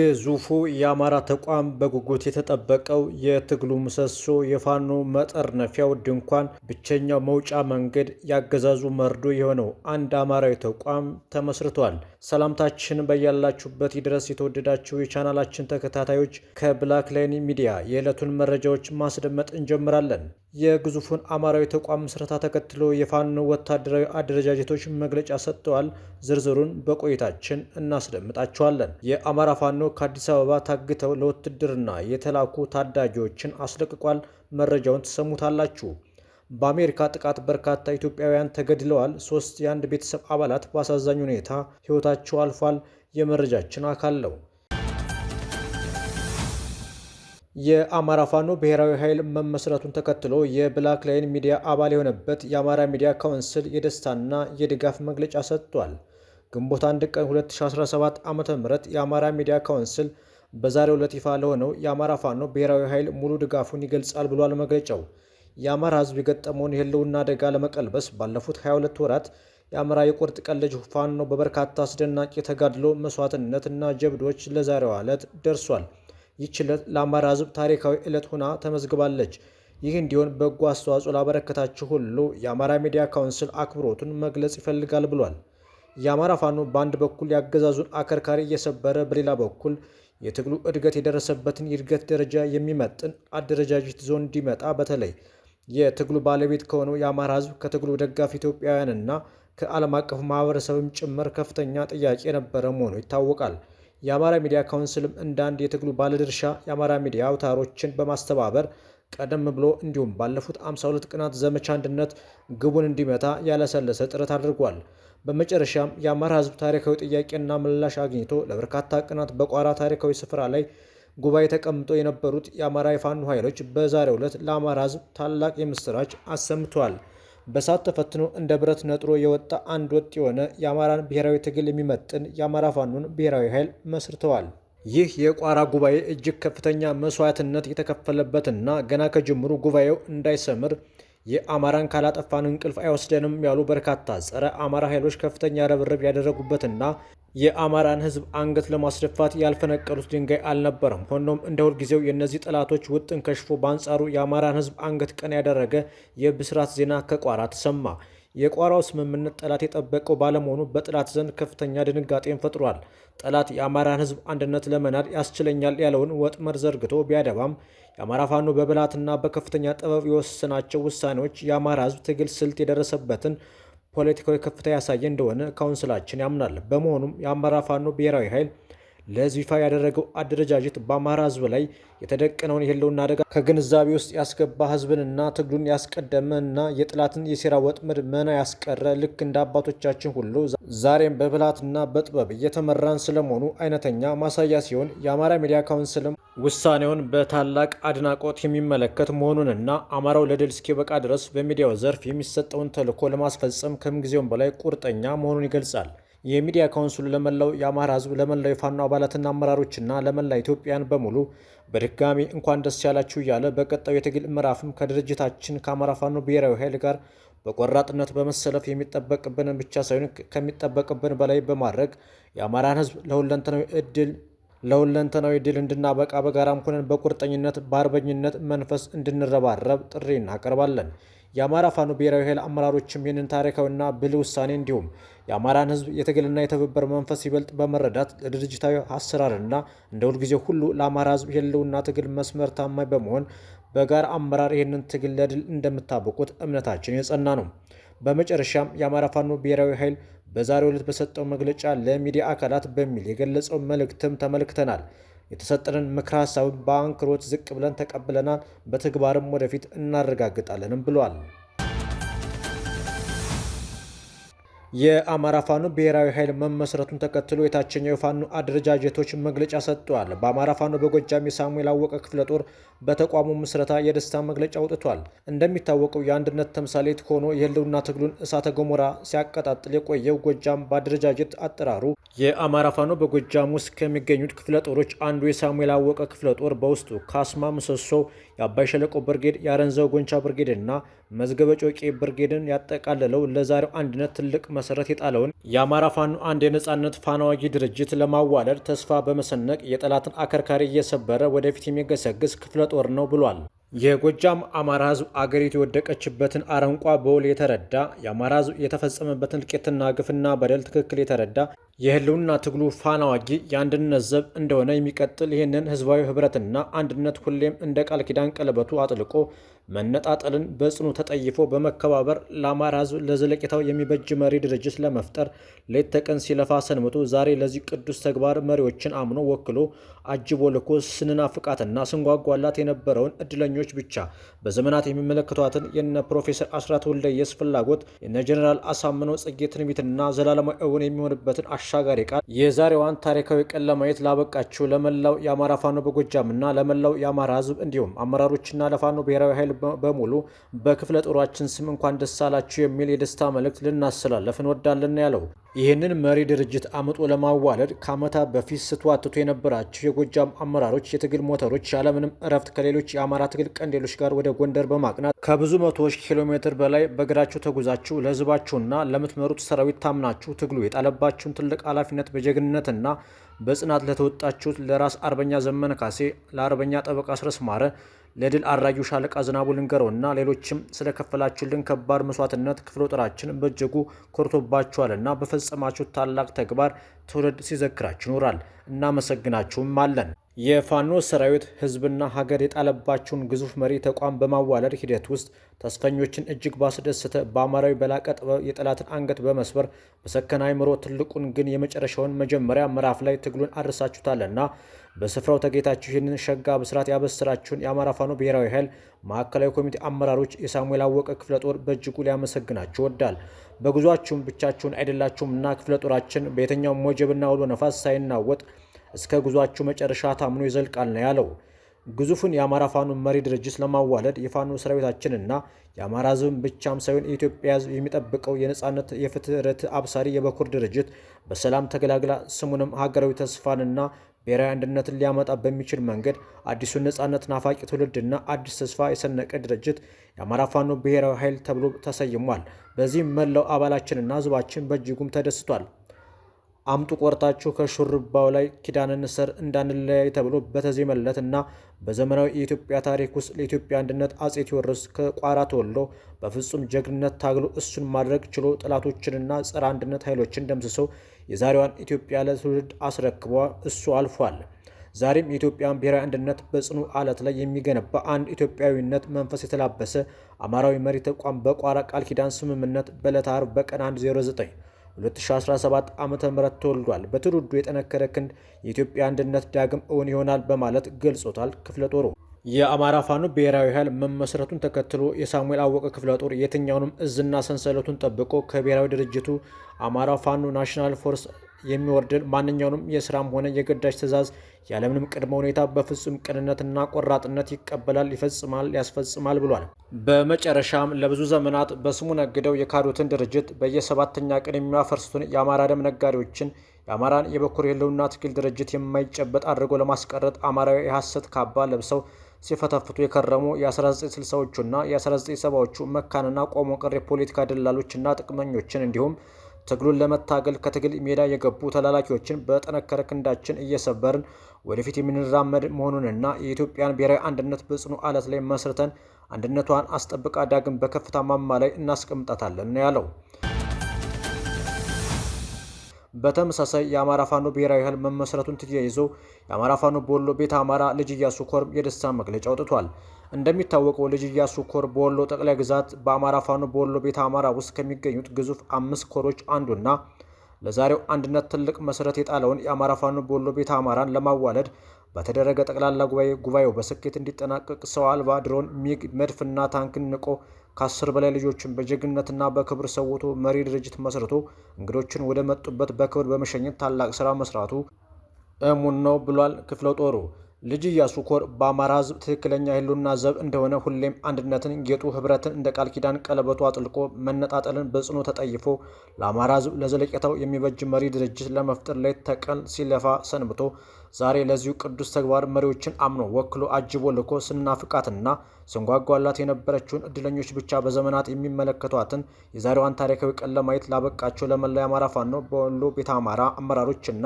የዙፉ የአማራ ተቋም በጉጉት የተጠበቀው የትግሉ ምሰሶ የፋኖ መጠርነፊያው ድንኳን ብቸኛው መውጫ መንገድ ያገዛዙ መርዶ የሆነው አንድ አማራዊ ተቋም ተመስርቷል። ሰላምታችን በያላችሁበት ይድረስ። የተወደዳችሁ የቻናላችን ተከታታዮች ከብላክ ላይን ሚዲያ የዕለቱን መረጃዎች ማስደመጥ እንጀምራለን። የግዙፉን አማራዊ ተቋም ምስረታ ተከትሎ የፋኖ ወታደራዊ አደረጃጀቶች መግለጫ ሰጥተዋል። ዝርዝሩን በቆይታችን እናስደምጣችኋለን። የአማራ ፋኖ ከአዲስ አበባ ታግተው ለውትድርና የተላኩ ታዳጊዎችን አስለቅቋል። መረጃውን ትሰሙታላችሁ። በአሜሪካ ጥቃት በርካታ ኢትዮጵያውያን ተገድለዋል። ሶስት የአንድ ቤተሰብ አባላት በአሳዛኝ ሁኔታ ሕይወታቸው አልፏል። የመረጃችን አካል ነው። የአማራ ፋኖ ብሔራዊ ኃይል መመስረቱን ተከትሎ የብላክ ላይን ሚዲያ አባል የሆነበት የአማራ ሚዲያ ካውንስል የደስታና የድጋፍ መግለጫ ሰጥቷል። ግንቦት 1 ቀን 2017 ዓ ም የአማራ ሚዲያ ካውንስል በዛሬው ዕለት ይፋ ለሆነው የአማራ ፋኖ ብሔራዊ ኃይል ሙሉ ድጋፉን ይገልጻል ብሏል መግለጫው። የአማራ ሕዝብ የገጠመውን የህልውና አደጋ ለመቀልበስ ባለፉት 22 ወራት የአማራ የቁርጥ ቀን ልጅ ፋኖ በበርካታ አስደናቂ የተጋድሎ መስዋዕትነትና ጀብዶች ለዛሬዋ ዕለት ደርሷል። ይህች ዕለት ለአማራ ሕዝብ ታሪካዊ ዕለት ሆና ተመዝግባለች። ይህ እንዲሆን በጎ አስተዋጽኦ ላበረከታችሁ ሁሉ የአማራ ሚዲያ ካውንስል አክብሮቱን መግለጽ ይፈልጋል ብሏል። የአማራ ፋኖ በአንድ በኩል ያገዛዙን አከርካሪ እየሰበረ በሌላ በኩል የትግሉ እድገት የደረሰበትን የእድገት ደረጃ የሚመጥን አደረጃጀት ዞን እንዲመጣ በተለይ የትግሉ ባለቤት ከሆነው የአማራ ህዝብ ከትግሉ ደጋፊ ኢትዮጵያውያንና ከዓለም አቀፍ ማህበረሰብም ጭምር ከፍተኛ ጥያቄ የነበረ መሆኑ ይታወቃል። የአማራ ሚዲያ ካውንስልም እንደ አንድ የትግሉ ባለድርሻ የአማራ ሚዲያ አውታሮችን በማስተባበር ቀደም ብሎ እንዲሁም ባለፉት 52 ቀናት ዘመቻ አንድነት ግቡን እንዲመታ ያለሰለሰ ጥረት አድርጓል። በመጨረሻም የአማራ ህዝብ ታሪካዊ ጥያቄና ምላሽ አግኝቶ ለበርካታ ቀናት በቋራ ታሪካዊ ስፍራ ላይ ጉባኤ ተቀምጦ የነበሩት የአማራ የፋኖ ኃይሎች በዛሬው ዕለት ለአማራ ሕዝብ ታላቅ የምስራች አሰምተዋል። በሳት ተፈትኖ እንደ ብረት ነጥሮ የወጣ አንድ ወጥ የሆነ የአማራን ብሔራዊ ትግል የሚመጥን የአማራ ፋኖን ብሔራዊ ኃይል መስርተዋል። ይህ የቋራ ጉባኤ እጅግ ከፍተኛ መስዋዕትነት የተከፈለበትና ገና ከጅምሩ ጉባኤው እንዳይሰምር የአማራን ካላጠፋን እንቅልፍ አይወስደንም ያሉ በርካታ ጸረ አማራ ኃይሎች ከፍተኛ ርብርብ ያደረጉበትና የአማራን ህዝብ አንገት ለማስደፋት ያልፈነቀሉት ድንጋይ አልነበረም። ሆኖም እንደ ሁልጊዜው የእነዚህ ጠላቶች ውጥን ከሽፎ በአንጻሩ የአማራን ህዝብ አንገት ቀን ያደረገ የብስራት ዜና ከቋራ ተሰማ። የቋራው ስምምነት ጠላት የጠበቀው ባለመሆኑ በጠላት ዘንድ ከፍተኛ ድንጋጤን ፈጥሯል። ጠላት የአማራን ህዝብ አንድነት ለመናድ ያስችለኛል ያለውን ወጥመድ ዘርግቶ ቢያደባም የአማራ ፋኖ በብልሃትና በከፍተኛ ጥበብ የወሰናቸው ውሳኔዎች የአማራ ህዝብ ትግል ስልት የደረሰበትን ፖለቲካዊ ከፍታ ያሳየ እንደሆነ ካውንስላችን ያምናል። በመሆኑም የአማራ ፋኖ ብሔራዊ ኃይል ለህዝብ ይፋ ያደረገው አደረጃጀት በአማራ ህዝብ ላይ የተደቀነውን የህልውና አደጋ ከግንዛቤ ውስጥ ያስገባ ህዝብንና ትግሉን ያስቀደመ እና የጥላትን የሴራ ወጥመድ መና ያስቀረ ልክ እንደ አባቶቻችን ሁሉ ዛሬም በብልሃትና በጥበብ እየተመራን ስለመሆኑ አይነተኛ ማሳያ ሲሆን የአማራ ሚዲያ ካውንስልም ውሳኔውን በታላቅ አድናቆት የሚመለከት መሆኑንና አማራው ለድል እስኪበቃ ድረስ በሚዲያው ዘርፍ የሚሰጠውን ተልዕኮ ለማስፈጸም ከምጊዜውም በላይ ቁርጠኛ መሆኑን ይገልጻል። የሚዲያ ካውንስሉ ለመላው የአማራ ሕዝብ ለመላው የፋኖ አባላትና አመራሮችና ለመላ ኢትዮጵያን በሙሉ በድጋሚ እንኳን ደስ ያላችሁ እያለ በቀጣዩ የትግል ምዕራፍም ከድርጅታችን ከአማራ ፋኖ ብሔራዊ ኃይል ጋር በቆራጥነት በመሰለፍ የሚጠበቅብንን ብቻ ሳይሆን ከሚጠበቅብን በላይ በማድረግ የአማራን ሕዝብ ለሁለንተናዊ እድል ለሁለንተናዊ ድል እንድናበቃ በጋራም ሆነን በቁርጠኝነት በአርበኝነት መንፈስ እንድንረባረብ ጥሪ እናቀርባለን። የአማራ ፋኖ ብሔራዊ ኃይል አመራሮችም ይህንን ታሪካዊና ብልህ ውሳኔ እንዲሁም የአማራን ሕዝብ የትግልና የትብብር መንፈስ ይበልጥ በመረዳት ለድርጅታዊ አሰራርና እንደ ሁልጊዜ ሁሉ ለአማራ ሕዝብ የህልውና ትግል መስመር ታማኝ በመሆን በጋራ አመራር ይህንን ትግል ለድል እንደምታበቁት እምነታችን የጸና ነው። በመጨረሻም የአማራ ፋኖ ብሔራዊ ኃይል በዛሬው ዕለት በሰጠው መግለጫ ለሚዲያ አካላት በሚል የገለጸው መልእክትም ተመልክተናል። የተሰጠንን ምክረ ሀሳብን በአንክሮት ዝቅ ብለን ተቀብለናል፣ በተግባርም ወደፊት እናረጋግጣለንም ብሏል። የአማራ ፋኖ ብሔራዊ ኃይል መመስረቱን ተከትሎ የታችኛው የፋኖ አደረጃጀቶች መግለጫ ሰጥተዋል። በአማራ ፋኖ በጎጃም የሳሙኤል አወቀ ክፍለ ጦር በተቋሙ ምስረታ የደስታ መግለጫ አውጥቷል። እንደሚታወቀው የአንድነት ተምሳሌት ሆኖ የህልውና ትግሉን እሳተ ገሞራ ሲያቀጣጥል የቆየው ጎጃም በአደረጃጀት አጠራሩ የአማራ ፋኖ በጎጃም ውስጥ ከሚገኙት ክፍለ ጦሮች አንዱ የሳሙኤል አወቀ ክፍለ ጦር በውስጡ ካስማ ምሰሶ፣ የአባይ ሸለቆ ብርጌድ፣ የአረንዘው ጎንቻ ብርጌድ እና መዝገበ ጮቄ ብርጌድን ያጠቃለለው ለዛሬው አንድነት ትልቅ መሰረት የጣለውን የአማራ ፋኖ አንድ የነጻነት ፋናዋጊ ድርጅት ለማዋለድ ተስፋ በመሰነቅ የጠላትን አከርካሪ እየሰበረ ወደፊት የሚገሰግስ ክፍለ ጦር ነው ብሏል። የጎጃም አማራ ህዝብ አገሪቱ የወደቀችበትን አረንቋ በውል የተረዳ የአማራ ህዝብ የተፈጸመበትን እልቂትና ግፍና በደል ትክክል የተረዳ የህልውና ትግሉ ፋና ዋጊ የአንድነት ዘብ እንደሆነ የሚቀጥል ይህንን ህዝባዊ ህብረትና አንድነት ሁሌም እንደ ቃል ኪዳን ቀለበቱ አጥልቆ መነጣጠልን በጽኑ ተጠይፎ በመከባበር ለአማራ ህዝብ ለዘለቄታው የሚበጅ መሪ ድርጅት ለመፍጠር ሌት ተቀን ሲለፋ ሰንምቶ ዛሬ ለዚህ ቅዱስ ተግባር መሪዎችን አምኖ ወክሎ አጅቦ ልኮ ስንናፍቃትና ስንጓጓላት የነበረውን እድለኞች ብቻ በዘመናት የሚመለከቷትን የነ ፕሮፌሰር አስራት ወልደየስ ፍላጎት የነ ጀኔራል አሳምነው ጽጌ ትንቢትና ዘላለማዊ እውን የሚሆንበትን አሻጋሪ ቃል የዛሬዋን ታሪካዊ ቀን ለማየት ላበቃችሁ ለመላው የአማራ ፋኖ በጎጃምና ለመላው የአማራ ህዝብ እንዲሁም አመራሮችና ለፋኖ ብሔራዊ ኃይል በሙሉ በክፍለ ጦሯችን ስም እንኳን ደስ አላችሁ የሚል የደስታ መልእክት ልናስተላለፍ እንወዳለን ያለው ይህንን መሪ ድርጅት አምጦ ለማዋለድ ከዓመታት በፊት ስትዋትቱ የነበራችሁ የጎጃም አመራሮች፣ የትግል ሞተሮች ያለምንም እረፍት ከሌሎች የአማራ ትግል ቀንዴሎች ጋር ወደ ጎንደር በማቅናት ከብዙ መቶዎች ኪሎ ሜትር በላይ በእግራችሁ ተጉዛችሁ ለህዝባችሁና ለምትመሩት ሰራዊት ታምናችሁ ትግሉ የጣለባችሁን ትልቅ ትልቅ ኃላፊነት በጀግንነትና በጽናት ለተወጣችሁት ለራስ አርበኛ ዘመነ ካሴ፣ ለአርበኛ ጠበቃ አስረስ ማረ፣ ለድል አድራጊው ሻለቃ ዝናቡ ልንገረውና ሌሎችም ስለከፈላችሁልን ከባድ መስዋዕትነት ክፍለ ጦራችን በእጅጉ ኮርቶባችኋልና በፈጸማችሁት ታላቅ ተግባር ትውልድ ሲዘክራችሁ ይኖራል። እናመሰግናችሁም አለን። የፋኖ ሰራዊት ህዝብና ሀገር የጣለባቸውን ግዙፍ መሪ ተቋም በማዋለድ ሂደት ውስጥ ተስፈኞችን እጅግ ባስደሰተ በአማራዊ በላቀ ጥበብ የጠላትን አንገት በመስበር በሰከነ አእምሮ ትልቁን ግን የመጨረሻውን መጀመሪያ ምዕራፍ ላይ ትግሉን አድርሳችሁታልና በስፍራው ተገኝታችሁ ይህንን ሸጋ ብስራት ያበስራችሁን የአማራ ፋኖ ብሔራዊ ኃይል ማዕከላዊ ኮሚቴ አመራሮች የሳሙኤል አወቀ ክፍለ ጦር በእጅጉ ሊያመሰግናችሁ ወዳል። በጉዟችሁም ብቻችሁን እና ክፍለ ጦራችን በየትኛውም ወጀብና ውሎ ነፋስ ሳይናወጥ እስከ ጉዟችሁ መጨረሻ ታምኖ ይዘልቃል ነው ያለው። ግዙፉን የአማራ ፋኖ መሪ ድርጅት ለማዋለድ የፋኖ ሰራዊታችንና የአማራ ህዝብን ብቻም ሳይሆን የኢትዮጵያ ህዝብ የሚጠብቀው የነፃነት የፍትህ አብሳሪ የበኩር ድርጅት በሰላም ተገላግላ ስሙንም ሀገራዊ ተስፋንና ብሔራዊ አንድነትን ሊያመጣ በሚችል መንገድ አዲሱን ነጻነት ናፋቂ ትውልድና አዲስ ተስፋ የሰነቀ ድርጅት የአማራ ፋኖ ብሔራዊ ኃይል ተብሎ ተሰይሟል። በዚህም መላው አባላችንና ህዝባችን በእጅጉም ተደስቷል። አምጡ ቆርጣችሁ ከሹርባው ላይ ኪዳንን እንሰር እንዳንለያይ ተብሎ በተዜመለት እና በዘመናዊ የኢትዮጵያ ታሪክ ውስጥ ለኢትዮጵያ አንድነት አጼ ቴዎድሮስ ከቋራ ተወልዶ በፍጹም ጀግንነት ታግሎ እሱን ማድረግ ችሎ ጠላቶችንና ጸረ አንድነት ኃይሎችን ደምስሶ የዛሬዋን ኢትዮጵያ ለትውልድ አስረክቧ እሱ አልፏል። ዛሬም የኢትዮጵያን ብሔራዊ አንድነት በጽኑ አለት ላይ የሚገነባ አንድ ኢትዮጵያዊነት መንፈስ የተላበሰ አማራዊ መሪ ተቋም በቋራ ቃል ኪዳን ስምምነት በዕለተ ዓርብ በቀን 109 2017 ዓ ም ተወልዷል። በትውልዱ የጠነከረ ክንድ የኢትዮጵያ አንድነት ዳግም እውን ይሆናል በማለት ገልጾታል ክፍለ ጦሩ። የአማራ ፋኖ ብሔራዊ ኃይል መመስረቱን ተከትሎ የሳሙኤል አወቀ ክፍለ ጦር የትኛውንም እዝና ሰንሰለቱን ጠብቆ ከብሔራዊ ድርጅቱ አማራ ፋኖ ናሽናል ፎርስ የሚወርድን ማንኛውንም የስራም ሆነ የግዳጅ ትእዛዝ ያለምንም ቅድመ ሁኔታ በፍጹም ቅንነትና ቆራጥነት ይቀበላል፣ ይፈጽማል፣ ያስፈጽማል ብሏል። በመጨረሻም ለብዙ ዘመናት በስሙ ነግደው የካዱትን ድርጅት በየሰባተኛ ቀን የሚያፈርሱትን የአማራ ደም ነጋዴዎችን የአማራን የበኩር የህልውና ትግል ድርጅት የማይጨበጥ አድርጎ ለማስቀረት አማራዊ የሐሰት ካባ ለብሰው ሲፈተፍቱ የከረሙ የ1960ዎቹና የ1970ዎቹ መካንና ቆሞ ቀር የፖለቲካ ደላሎችና ጥቅመኞችን እንዲሁም ትግሉን ለመታገል ከትግል ሜዳ የገቡ ተላላኪዎችን በጠነከረ ክንዳችን እየሰበርን ወደፊት የምንራመድ መሆኑንና የኢትዮጵያን ብሔራዊ አንድነት በጽኑ አለት ላይ መስርተን አንድነቷን አስጠብቃ ዳግም በከፍታ ማማ ላይ እናስቀምጣታለን ያለው። በተመሳሳይ የአማራ ፋኖ ብሔራዊ ኃይል መመስረቱን ተያይዞ የአማራ ፋኖ በወሎ ቤት አማራ ልጅ እያሱ ኮርም የደስታ መግለጫ አውጥቷል። እንደሚታወቀው ልጅ እያሱ ኮር በወሎ ጠቅላይ ግዛት በአማራ ፋኖ በወሎ ቤት አማራ ውስጥ ከሚገኙት ግዙፍ አምስት ኮሮች አንዱና ለዛሬው አንድነት ትልቅ መሰረት የጣለውን የአማራ ፋኖ በወሎ ቤት አማራን ለማዋለድ በተደረገ ጠቅላላ ጉባኤ ጉባኤው በስኬት እንዲጠናቀቅ ሰው አልባ ድሮን፣ ሚግ፣ መድፍና ታንክን ንቆ ከአስር በላይ ልጆችን በጀግንነትና በክብር ሰውቶ መሪ ድርጅት መስርቶ እንግዶችን ወደ መጡበት በክብር በመሸኘት ታላቅ ስራ መስራቱ እሙን ነው ብሏል ክፍለ ጦሩ። ልጅ ኢያሱ ኮር በአማራ ህዝብ ትክክለኛ የህልውና ዘብ እንደሆነ ሁሌም አንድነትን፣ ጌጡ፣ ህብረትን እንደ ቃል ኪዳን ቀለበቱ አጥልቆ መነጣጠልን በጽኑ ተጠይፎ ለአማራ ህዝብ ለዘለቄታው የሚበጅ መሪ ድርጅት ለመፍጠር ላይ ተቀን ሲለፋ ሰንብቶ ዛሬ ለዚሁ ቅዱስ ተግባር መሪዎችን አምኖ ወክሎ አጅቦ ልኮ ስናፍቃትና ስንጓጓላት የነበረችውን እድለኞች ብቻ በዘመናት የሚመለከቷትን የዛሬዋን ታሪካዊ ቀን ለማየት ላበቃቸው ለመላ የአማራ ፋኖ በወሎ ቤተ አማራ አመራሮችና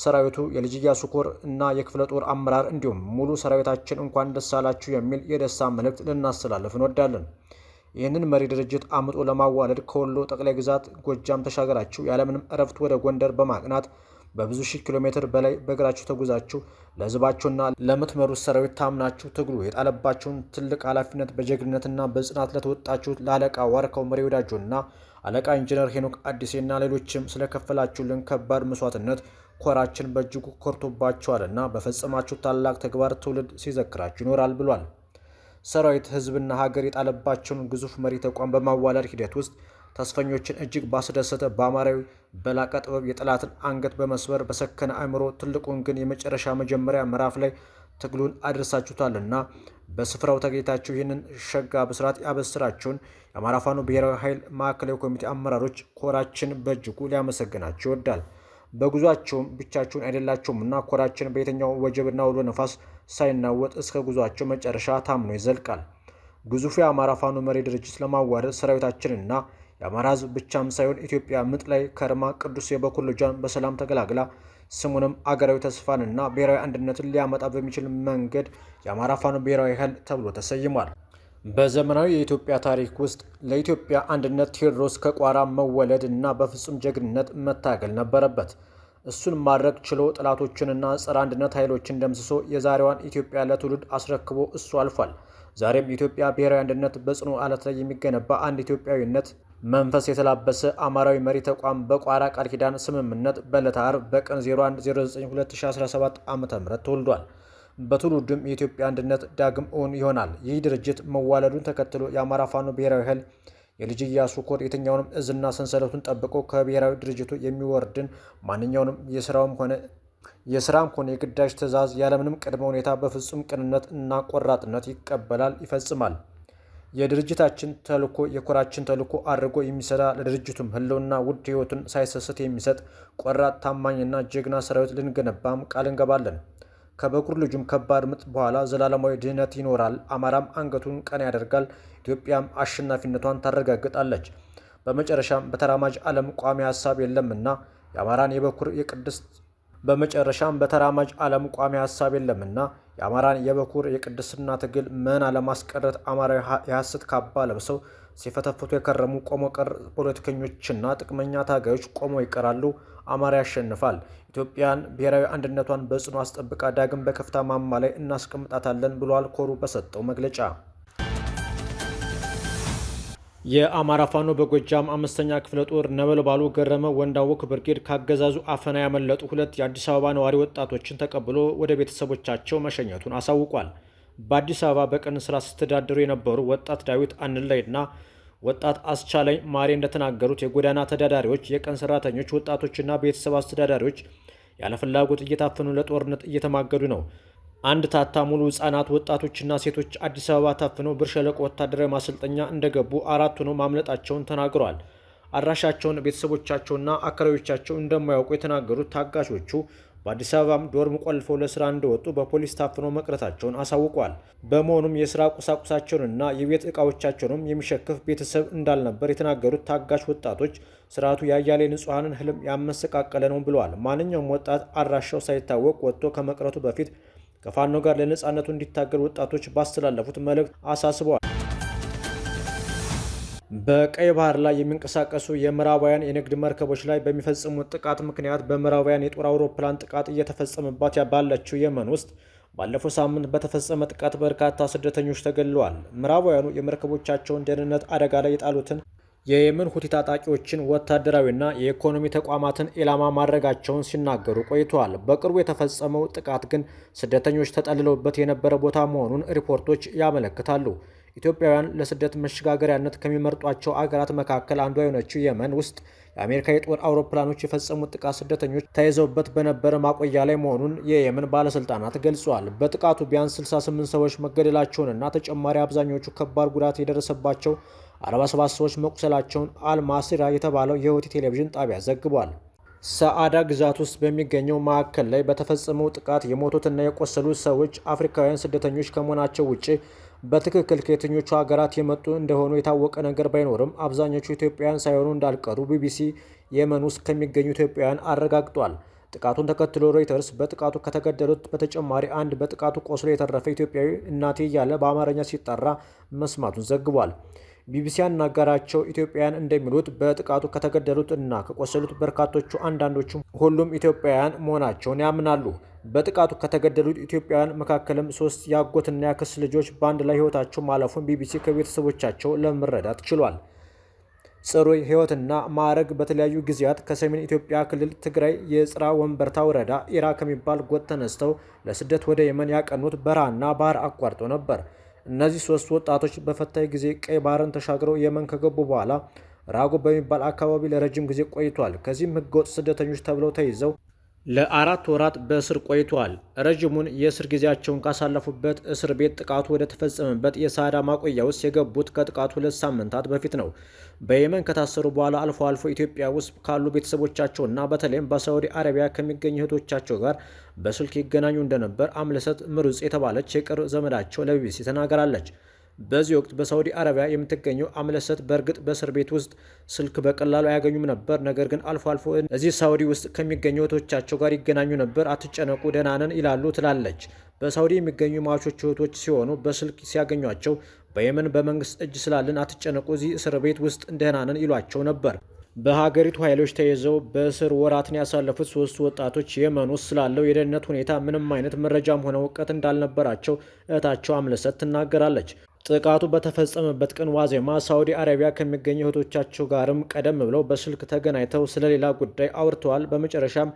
ሰራዊቱ የልጅ ኢያሱ ኮር እና የክፍለ ጦር አመራር እንዲሁም ሙሉ ሰራዊታችን እንኳን ደስ አላችሁ የሚል የደስታ መልእክት ልናስተላልፍ እንወዳለን። ይህንን መሪ ድርጅት አምጦ ለማዋለድ ከወሎ ጠቅላይ ግዛት ጎጃም ተሻገራችሁ ያለምንም እረፍት ወደ ጎንደር በማቅናት በብዙ ሺህ ኪሎ ሜትር በላይ በእግራችሁ ተጉዛችሁ ለህዝባችሁና ለምትመሩት ሰራዊት ታምናችሁ ትግሉ የጣለባችሁን ትልቅ ኃላፊነት በጀግንነትና በጽናት ለተወጣችሁት ለአለቃ ዋርካው መሪ ወዳጆና አለቃ ኢንጂነር ሄኖክ አዲሴና ሌሎችም ስለከፈላችሁልን ከባድ መስዋዕትነት ኮራችን በእጅጉ ኮርቶባቸዋልና በፈጸማችሁ ታላቅ ተግባር ትውልድ ሲዘክራችሁ ይኖራል ብሏል። ሰራዊት ህዝብና ሀገር የጣለባቸውን ግዙፍ መሪ ተቋም በማዋለድ ሂደት ውስጥ ተስፈኞችን እጅግ ባስደሰተ በአማራዊ በላቀ ጥበብ የጠላትን አንገት በመስበር በሰከነ አእምሮ ትልቁን ግን የመጨረሻ መጀመሪያ ምዕራፍ ላይ ትግሉን አድርሳችሁታልና በስፍራው ተገኝታችሁ ይህንን ሸጋ ብስራት ያበስራችሁን የአማራ ፋኖ ብሔራዊ ኃይል ማዕከላዊ ኮሚቴ አመራሮች ኮራችን በእጅጉ ሊያመሰግናችሁ ይወዳል። በጉዟቸውም ብቻችሁን አይደላችሁም እና ኮራችን በየትኛው ወጀብና ውሎ ነፋስ ሳይናወጥ እስከ ጉዟቸው መጨረሻ ታምኖ ይዘልቃል። ግዙፉ የአማራ ፋኖ መሪ ድርጅት ለማዋረድ ሰራዊታችንና የአማራ ሕዝብ ብቻም ሳይሆን ኢትዮጵያ ምጥ ላይ ከርማ ቅዱስ የበኩል ልጇን በሰላም ተገላግላ ስሙንም አገራዊ ተስፋንና ብሔራዊ አንድነትን ሊያመጣ በሚችል መንገድ የአማራ ፋኖ ብሔራዊ ኃይል ተብሎ ተሰይሟል። በዘመናዊ የኢትዮጵያ ታሪክ ውስጥ ለኢትዮጵያ አንድነት ቴዎድሮስ ከቋራ መወለድ እና በፍጹም ጀግንነት መታገል ነበረበት። እሱን ማድረግ ችሎ ጠላቶችንና ጸረ አንድነት ኃይሎችን ደምስሶ የዛሬዋን ኢትዮጵያ ለትውልድ አስረክቦ እሱ አልፏል። ዛሬም የኢትዮጵያ ብሔራዊ አንድነት በጽኑ ዓለት ላይ የሚገነባ አንድ ኢትዮጵያዊነት መንፈስ የተላበሰ አማራዊ መሪ ተቋም በቋራ ቃል ኪዳን ስምምነት በዕለተ ዓርብ በቀን 01092017 ዓ.ም ተወልዷል። በትውልዱም የኢትዮጵያ አንድነት ዳግም እውን ይሆናል። ይህ ድርጅት መዋለዱን ተከትሎ የአማራ ፋኖ ብሔራዊ ኃይል የልጅ እያሱ ኮር የትኛውንም እዝና ሰንሰለቱን ጠብቆ ከብሔራዊ ድርጅቱ የሚወርድን ማንኛውንም የስራውም ሆነ የስራም ሆነ የግዳጅ ትዕዛዝ ያለምንም ቅድመ ሁኔታ በፍጹም ቅንነት እና ቆራጥነት ይቀበላል፣ ይፈጽማል። የድርጅታችን ተልዕኮ የኮራችን ተልዕኮ አድርጎ የሚሰራ ለድርጅቱም ህልውና ውድ ሕይወቱን ሳይሰስት የሚሰጥ ቆራጥ ታማኝና ጀግና ሰራዊት ልንገነባም ቃል እንገባለን። ከበኩር ልጁም ከባድ ምጥ በኋላ ዘላለማዊ ድህነት ይኖራል። አማራም አንገቱን ቀና ያደርጋል። ኢትዮጵያም አሸናፊነቷን ታረጋግጣለች። በመጨረሻም በተራማጅ ዓለም ቋሚ ሀሳብ የለምና የአማራን የበኩር የቅድስት በመጨረሻም በተራማጅ ዓለም ቋሚ ሀሳብ የለምና የአማራን የበኩር የቅድስና ትግል መና ለማስቀረት አማራዊ የሐሰት ካባ ለብሰው ሲፈተፍቱ የከረሙ ቆሞ ቀር ፖለቲከኞችና ጥቅመኛ ታጋዮች ቆመው ይቀራሉ። አማራ ያሸንፋል። ኢትዮጵያን ብሔራዊ አንድነቷን በጽኑ አስጠብቃ ዳግም በከፍታ ማማ ላይ እናስቀምጣታለን ብሏል ኮሩ በሰጠው መግለጫ የአማራ ፋኖ በጎጃም አምስተኛ ክፍለ ጦር ነበልባሉ ገረመ ወንዳወክ ብርጌድ ካገዛዙ አፈና ያመለጡ ሁለት የአዲስ አበባ ነዋሪ ወጣቶችን ተቀብሎ ወደ ቤተሰቦቻቸው መሸኘቱን አሳውቋል። በአዲስ አበባ በቀን ስራ ሲተዳደሩ የነበሩ ወጣት ዳዊት አንላይና ወጣት አስቻለኝ ማሬ እንደተናገሩት የጎዳና ተዳዳሪዎች፣ የቀን ሰራተኞች፣ ወጣቶችና ቤተሰብ አስተዳዳሪዎች ያለፍላጎት እየታፈኑ ለጦርነት እየተማገዱ ነው። አንድ ታታ ሙሉ ህጻናት፣ ወጣቶችና ሴቶች አዲስ አበባ ታፍነው ብር ሸለቆ ወታደራዊ ማሰልጠኛ እንደገቡ አራት ሆነው ማምለጣቸውን ተናግሯል። አድራሻቸውን ቤተሰቦቻቸውና አካባቢዎቻቸው እንደማያውቁ የተናገሩት ታጋቾቹ በአዲስ አበባም ዶርም ቆልፈው ለስራ እንደወጡ በፖሊስ ታፍኖ መቅረታቸውን አሳውቋል። በመሆኑም የስራ ቁሳቁሳቸውንና የቤት እቃዎቻቸውንም የሚሸክፍ ቤተሰብ እንዳልነበር የተናገሩት ታጋች ወጣቶች ስርዓቱ የአያሌ ንጹሐንን ህልም ያመሰቃቀለ ነው ብለዋል። ማንኛውም ወጣት አድራሻው ሳይታወቅ ወጥቶ ከመቅረቱ በፊት ከፋኖ ጋር ለነፃነቱ እንዲታገል ወጣቶች ባስተላለፉት መልእክት አሳስበዋል። በቀይ ባህር ላይ የሚንቀሳቀሱ የምዕራባውያን የንግድ መርከቦች ላይ በሚፈጽሙት ጥቃት ምክንያት በምዕራባውያን የጦር አውሮፕላን ጥቃት እየተፈጸመባት ባለችው የመን ውስጥ ባለፈው ሳምንት በተፈጸመ ጥቃት በርካታ ስደተኞች ተገድለዋል። ምዕራባውያኑ የመርከቦቻቸውን ደህንነት አደጋ ላይ የጣሉትን የየመን ሁቲ ታጣቂዎችን ወታደራዊና የኢኮኖሚ ተቋማትን ኢላማ ማድረጋቸውን ሲናገሩ ቆይተዋል። በቅርቡ የተፈጸመው ጥቃት ግን ስደተኞች ተጠልለውበት የነበረ ቦታ መሆኑን ሪፖርቶች ያመለክታሉ። ኢትዮጵያውያን ለስደት መሸጋገሪያነት ከሚመርጧቸው አገራት መካከል አንዷ የሆነችው የመን ውስጥ የአሜሪካ የጦር አውሮፕላኖች የፈጸሙት ጥቃት ስደተኞች ተይዘውበት በነበረ ማቆያ ላይ መሆኑን የየመን ባለስልጣናት ገልጸዋል። በጥቃቱ ቢያንስ 68 ሰዎች መገደላቸውንና ተጨማሪ አብዛኞቹ ከባድ ጉዳት የደረሰባቸው 47 ሰዎች መቁሰላቸውን አልማስራ የተባለው የሁቲ ቴሌቪዥን ጣቢያ ዘግቧል። ሰአዳ ግዛት ውስጥ በሚገኘው ማዕከል ላይ በተፈጸመው ጥቃት የሞቱትና የቆሰሉት ሰዎች አፍሪካውያን ስደተኞች ከመሆናቸው ውጭ በትክክል ከየትኞቹ ሀገራት የመጡ እንደሆኑ የታወቀ ነገር ባይኖርም አብዛኞቹ ኢትዮጵያውያን ሳይሆኑ እንዳልቀሩ ቢቢሲ የመን ውስጥ ከሚገኙ ኢትዮጵያውያን አረጋግጧል። ጥቃቱን ተከትሎ ሮይተርስ በጥቃቱ ከተገደሉት በተጨማሪ አንድ በጥቃቱ ቆስሎ የተረፈ ኢትዮጵያዊ እናቴ እያለ በአማርኛ ሲጠራ መስማቱን ዘግቧል። ቢቢሲ ያናገራቸው ኢትዮጵያውያን እንደሚሉት በጥቃቱ ከተገደሉት እና ከቆሰሉት በርካቶቹ አንዳንዶቹም ሁሉም ኢትዮጵያውያን መሆናቸውን ያምናሉ። በጥቃቱ ከተገደሉት ኢትዮጵያውያን መካከልም ሶስት የአጎትና የአክስት ልጆች በአንድ ላይ ህይወታቸው ማለፉን ቢቢሲ ከቤተሰቦቻቸው ለመረዳት ችሏል። ጽሩ ህይወትና ማዕረግ በተለያዩ ጊዜያት ከሰሜን ኢትዮጵያ ክልል ትግራይ የጽራ ወንበርታ ወረዳ ኢራ ከሚባል ጎጥ ተነስተው ለስደት ወደ የመን ያቀኑት በረሃና ባህር አቋርጦ ነበር። እነዚህ ሶስት ወጣቶች በፈታኝ ጊዜ ቀይ ባህርን ተሻግረው የመን ከገቡ በኋላ ራጎ በሚባል አካባቢ ለረጅም ጊዜ ቆይቷል። ከዚህም ህገወጥ ስደተኞች ተብለው ተይዘው ለአራት ወራት በእስር ቆይቷል። ረዥሙን የእስር ጊዜያቸውን ካሳለፉበት እስር ቤት ጥቃቱ ወደ ተፈጸመበት የሳዳ ማቆያ ውስጥ የገቡት ከጥቃቱ ሁለት ሳምንታት በፊት ነው። በየመን ከታሰሩ በኋላ አልፎ አልፎ ኢትዮጵያ ውስጥ ካሉ ቤተሰቦቻቸውና በተለይም በሳዑዲ አረቢያ ከሚገኙ እህቶቻቸው ጋር በስልክ ይገናኙ እንደነበር አምለሰት ምሩጽ የተባለች የቅርብ ዘመዳቸው ለቢቢሲ ተናገራለች። በዚህ ወቅት በሳዑዲ አረቢያ የምትገኘው አምለሰት በእርግጥ በእስር ቤት ውስጥ ስልክ በቀላሉ አያገኙም ነበር። ነገር ግን አልፎ አልፎ እዚህ ሳዑዲ ውስጥ ከሚገኙ እህቶቻቸው ጋር ይገናኙ ነበር። አትጨነቁ፣ ደህና ነን ይላሉ ትላለች። በሳዑዲ የሚገኙ የሟቾች እህቶች ሲሆኑ በስልክ ሲያገኟቸው በየመን በመንግስት እጅ ስላለን አትጨነቁ፣ እዚህ እስር ቤት ውስጥ ደህና ነን ይሏቸው ነበር። በሀገሪቱ ኃይሎች ተይዘው በእስር ወራትን ያሳለፉት ሶስቱ ወጣቶች የመን ውስጥ ስላለው የደህንነት ሁኔታ ምንም አይነት መረጃም ሆነ እውቀት እንዳልነበራቸው እህታቸው አምለሰት ትናገራለች። ጥቃቱ በተፈጸመበት ቀን ዋዜማ ሳዑዲ አረቢያ ከሚገኙ እህቶቻቸው ጋርም ቀደም ብለው በስልክ ተገናኝተው ስለሌላ ጉዳይ አውርተዋል። በመጨረሻም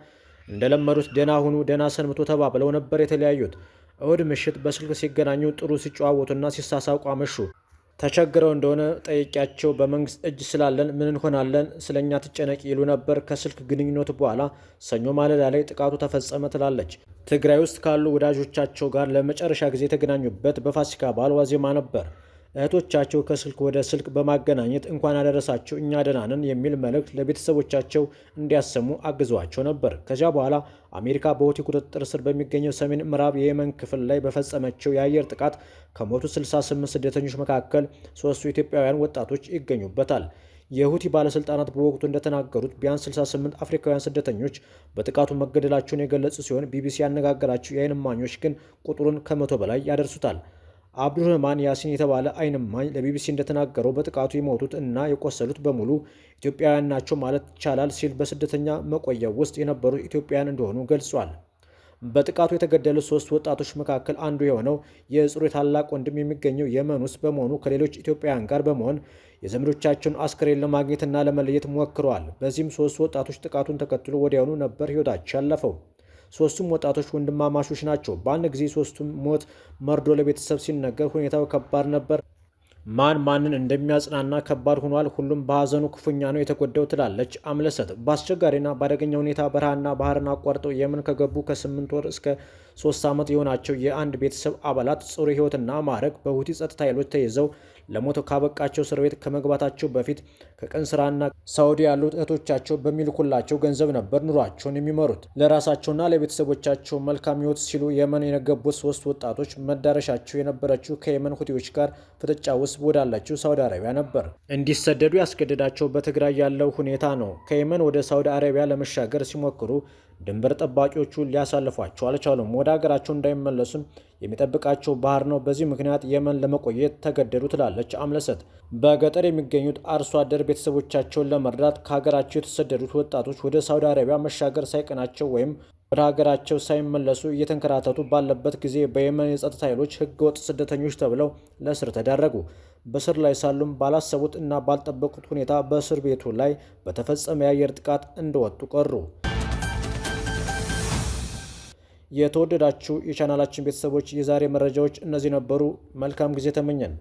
እንደለመዱት ደህና ሁኑ፣ ደህና ሰንብቶ ተባብለው ነበር የተለያዩት። እሁድ ምሽት በስልክ ሲገናኙ ጥሩ ሲጨዋወቱና ሲሳሳቁ አመሹ። ተቸግረው እንደሆነ ጠይቄያቸው በመንግስት እጅ ስላለን ምን እንሆናለን ስለኛ ትጨነቅ ይሉ ነበር። ከስልክ ግንኙነት በኋላ ሰኞ ማለዳ ላይ ጥቃቱ ተፈጸመ ትላለች። ትግራይ ውስጥ ካሉ ወዳጆቻቸው ጋር ለመጨረሻ ጊዜ የተገናኙበት በፋሲካ በዓል ዋዜማ ነበር። እህቶቻቸው ከስልክ ወደ ስልክ በማገናኘት እንኳን አደረሳቸው እኛ ደህና ነን የሚል መልእክት ለቤተሰቦቻቸው እንዲያሰሙ አግዘዋቸው ነበር። ከዚያ በኋላ አሜሪካ በሁቲ ቁጥጥር ስር በሚገኘው ሰሜን ምዕራብ የየመን ክፍል ላይ በፈጸመችው የአየር ጥቃት ከሞቱ 68 ስደተኞች መካከል ሶስቱ ኢትዮጵያውያን ወጣቶች ይገኙበታል። የሁቲ ባለስልጣናት በወቅቱ እንደተናገሩት ቢያንስ 68 አፍሪካውያን ስደተኞች በጥቃቱ መገደላቸውን የገለጹ ሲሆን ቢቢሲ ያነጋገራቸው የአይን እማኞች ግን ቁጥሩን ከመቶ በላይ ያደርሱታል። አብዱርህማን ያሲን የተባለ አይን ለቢቢሲ እንደተናገረው በጥቃቱ የሞቱት እና የቆሰሉት በሙሉ ኢትዮጵያውያን ናቸው ማለት ይቻላል ሲል በስደተኛ መቆየው ውስጥ የነበሩ ኢትዮጵያውያን እንደሆኑ ገልጿል። በጥቃቱ የተገደሉ ሶስት ወጣቶች መካከል አንዱ የሆነው የጽሩ ታላቅ ወንድም የሚገኘው የመን ውስጥ በመሆኑ ከሌሎች ኢትዮጵያውያን ጋር በመሆን የዘመዶቻቸውን አስክሬን ለማግኘትና ለመለየት ሞክረዋል። በዚህም ሶስት ወጣቶች ጥቃቱን ተከትሎ ወዲያውኑ ነበር ህይወታቸው ያለፈው። ሶስቱም ወጣቶች ወንድማማሾች ናቸው። በአንድ ጊዜ ሶስቱም ሞት መርዶ ለቤተሰብ ሲነገር ሁኔታው ከባድ ነበር። ማን ማንን እንደሚያጽናና ከባድ ሆኗል። ሁሉም በሀዘኑ ክፉኛ ነው የተጎዳው ትላለች አምለሰት። በአስቸጋሪና በአደገኛ ሁኔታ በረሃና ባህርን አቋርጠው የምን ከገቡ ከስምንት ወር እስከ ሶስት ዓመት የሆናቸው የአንድ ቤተሰብ አባላት ጽሩ ሕይወትና ማዕረግ በሁቲ ጸጥታ ኃይሎች ተይዘው ለሞት ካበቃቸው እስር ቤት ከመግባታቸው በፊት ከቀን ስራና ሳውዲ ያሉት እህቶቻቸው በሚልኩላቸው ገንዘብ ነበር ኑሯቸውን የሚመሩት። ለራሳቸውና ለቤተሰቦቻቸው መልካም ህይወት ሲሉ የመን የነገቡት ሶስት ወጣቶች መዳረሻቸው የነበረችው ከየመን ሁቲዎች ጋር ፍጥጫ ውስጥ ወዳለችው ሳውዲ አረቢያ ነበር። እንዲሰደዱ ያስገደዳቸው በትግራይ ያለው ሁኔታ ነው። ከየመን ወደ ሳውዲ አረቢያ ለመሻገር ሲሞክሩ ድንበር ጠባቂዎቹ ሊያሳልፏቸው አልቻሉም። ወደ ሀገራቸው እንዳይመለሱም የሚጠብቃቸው ባህር ነው። በዚህ ምክንያት የመን ለመቆየት ተገደዱ ትላለች አምለሰት። በገጠር የሚገኙት አርሶ አደር ቤተሰቦቻቸውን ለመርዳት ከሀገራቸው የተሰደዱት ወጣቶች ወደ ሳውዲ አረቢያ መሻገር ሳይቀናቸው ወይም ወደ ሀገራቸው ሳይመለሱ እየተንከራተቱ ባለበት ጊዜ በየመን የጸጥታ ኃይሎች ህገወጥ ስደተኞች ተብለው ለእስር ተዳረጉ። በስር ላይ ሳሉም ባላሰቡት እና ባልጠበቁት ሁኔታ በእስር ቤቱ ላይ በተፈጸመ የአየር ጥቃት እንደወጡ ቀሩ። የተወደዳችሁ የቻናላችን ቤተሰቦች የዛሬ መረጃዎች እነዚህ ነበሩ። መልካም ጊዜ ተመኘን።